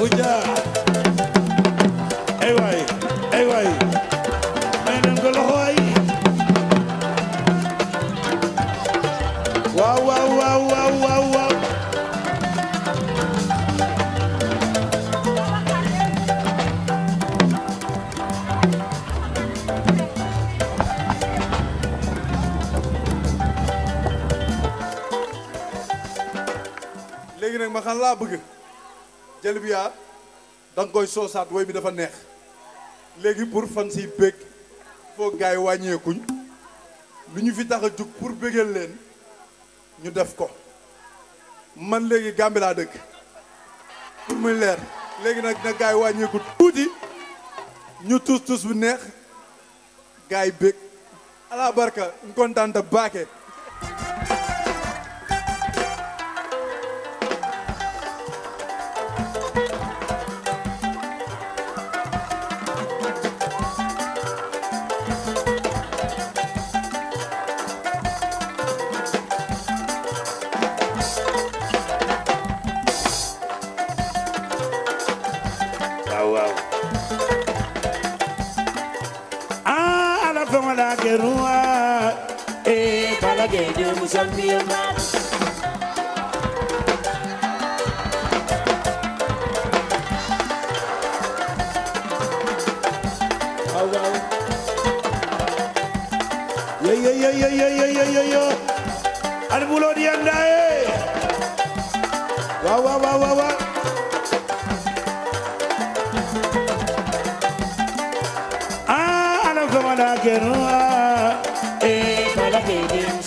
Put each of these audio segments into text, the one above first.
Kouthia ay waay ay waay may nañ ko loxo waay waaw waaw waaw waaw waaw waaw léegi ma xam laa jëlbiya da koy soosaat woy bi dafa neex léegi pour fan si bëgg foog gaay yi wàññeekuñ lu ñu fi tax a jug pour bëggal leen ñu def ko man léegi Gàmbi laa dëkk pour muy leer léegi nag na gars wàññeeku tuuti ñu tus tus bu neex gars yi bëgg ala barka ñu kontaan baake shall be a man. yoyoyoyoyoyoyoyo albulo ndiyandaye wawawawawa a alam famana kenu a e malakeni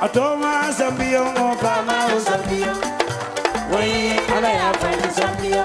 atoma zambia ngoka mau zambia wai ala ya fai zambia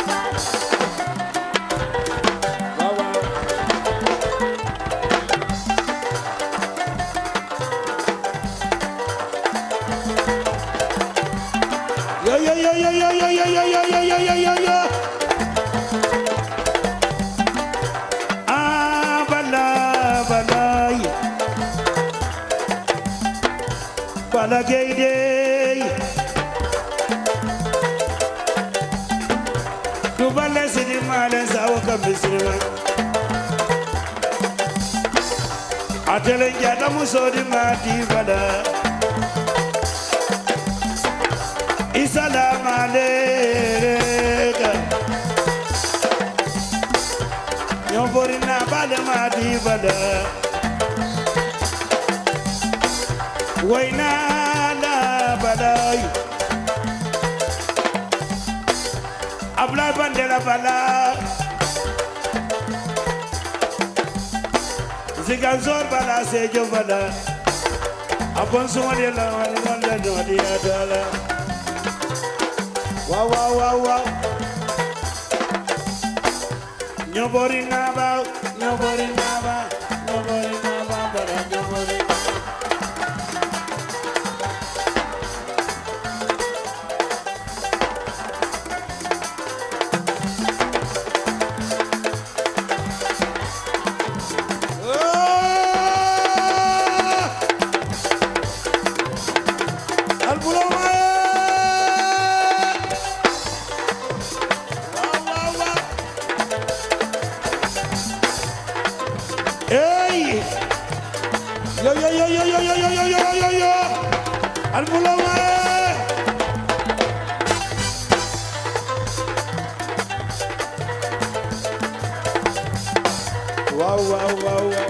tele njaata mu soodi maati bada isalaam aleeka ñoo boori naa baale maati bada way naa la badaayu ablaay bandela balaa Ziguinchor bala Sédhiou bala abon suma de la wali wala no di adala waaw waaw waaw waaw ñobori na ba ñobori na ba ñobori na ba bara ñobori yo yo yo yo yo yo yo yo yo yo al mulaw waaw waaw waaw waaw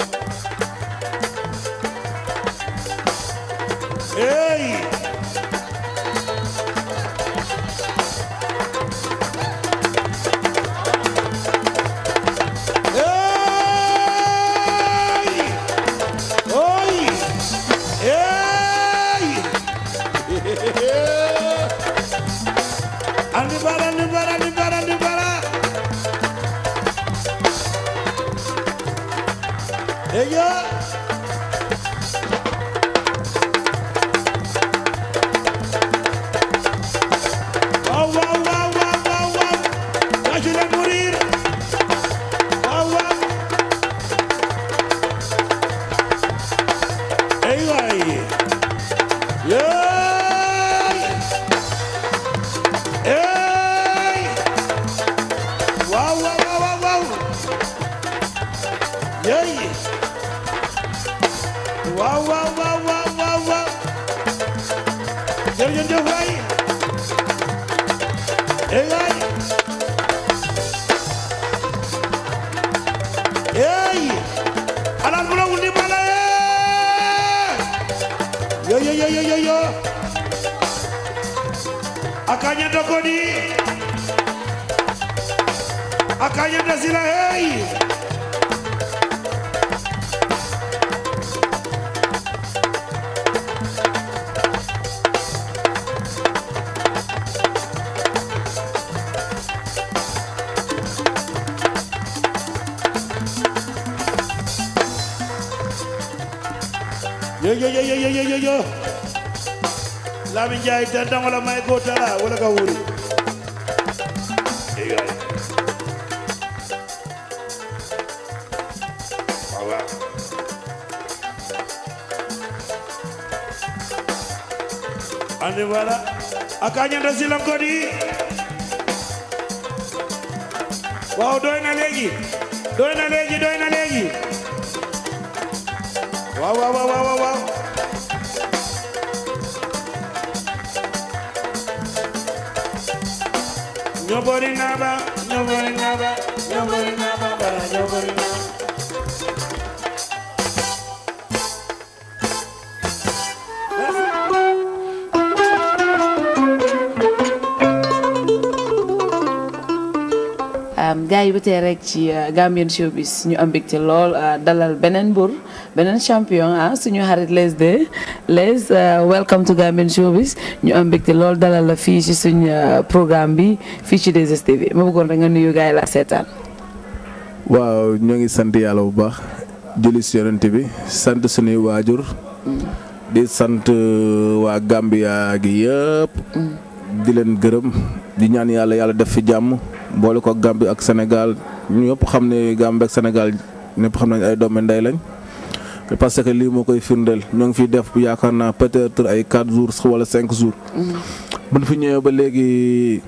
hey Yeah. waaw waaw waaw waaw waaw waaw jërëjëf waay ey waay ey alal bu la wundi bala yo yo yo yo yo yo yo yo yo yo yo yo Lamin Njaay tan tan wala may ko tala wala ka wuri ande voilà akañanta silankodi waaw doy na léegi doy na léegi doy na léegi waaw waaw waaw waaw ñoo bori naa ba ñoo bori naa ba ñoo bori naa ba bara ñoo bori naa gars yi ba tey rek ci euh, Gambian Showbiz ñu am mbégte lool euh, dalal beneen buur beneen champion ah suñu xarit Les 2 Les euh, welcome to Gambian Showbiz ñu am mbégte lool dalal la fii ci suñu programme bi fii ci 2STV ma bëggoon rek nga nuyu gars yi la seetaan. waaw ñoo ngi sant yàlla bu baax julli si yonent bi sant suñuy waajur. Mm. di sant waa Gambia gi yëpp. Mm. di leen gërëm di ñaan yàlla yàlla def fi jàmm. boole ko Gambie ak Sénégal ñu ñëpp xam ne Gambie ak Sénégal ñëpp xam nañ ay doomu ndey lañ parce que lii moo koy firndeel ñoo ngi fi def yaakaar naa peut-être ay 4 jours wala 5 jours. Mm-hmm. bu fi ñëwee ba léegi.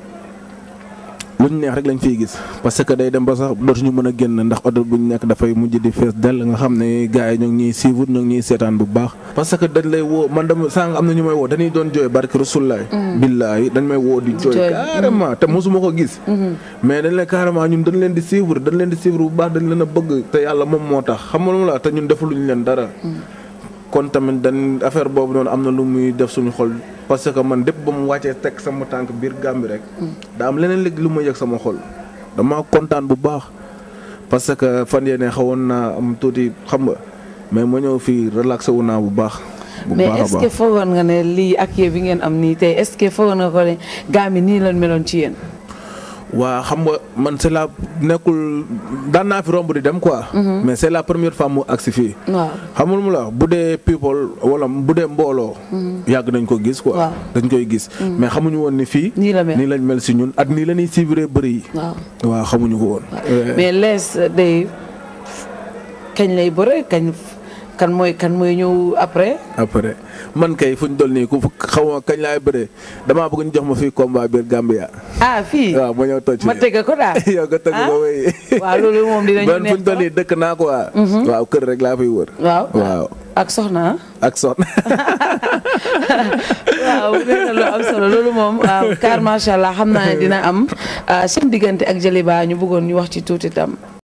lu ñu neex rek lañ fiy gis parce que day dem ba sax dootuñu mën a génn ndax oto bu ñu nekk dafay mujj di fees dell nga xam ne gars yi ñoo ngi ñuy suivre ñoo ñuy seetaan bu baax. parce que dañ lay woo man dama sànq am na ñu may woo dañuy doon jooy barki rasulaay. Mm. billaay dañ may woo di. jooy carrément te mosuma ko gis. Mm-hmm. mais dañ lay carrément ñun dañ leen di suivre dañ leen di suivre bu baax dañ leen bëgg te yàlla moom moo tax xam nga la te ñun defuluñu leen dara. Mm. kon tamit dañ affaire boobu noonu am na lu muy def suñu xol parce que man dépp ba mu wàccee teg sama tànk biir Gàmbi rek. Mm. daa am leneen léegi lu ma yëg sama xol dama kontaan bu baax. parce que fan yéene xawoon naa am tuuti xam nga mais ma ñëw fii relaxé wu naa bu baax. bu baax mais est ce foogoon nga ne lii ak yéen bi ngeen am nii tey est ce que foogoon nga ko ne gaa mi nii lan meloon ci yéen. waa xam nga man c'est la nekkul daan naa fi romb di dem quoi. Mhm. mais c'est la première fois mu agsi fii. waaw xam mu la bu dee people wala bu dee mbooloo. Mhm. yàgg nañ ko gis quoi. dañ koy gis. Mhm. mais xamuñu woon ni fii. nii la mel nii lañ mel si ñun at nii la ñuy suivre bëri yi. waaw xamuñu ko woon. mais lees day kañ lay bëre kañ kan mooy kan mooy ñëw après. après. man kay fu ñu nii ku xaw ma kañ laay bëree damaa bëgg ñu jox ma fii combat biir Gambia. ah fii waaw ma ñëw toj. ma tëgg ko daal yow tëgg ko wéy. Ah? waaw dëkk naa ko waaw mhm. kër rek ak soxna ah? ak soxna. waaw benn lu am solo loolu moom waaw car macha allah xam naa dina am ah, seen diggante ak Jaliba ñu bëggoon ñu wax ci tuuti tam.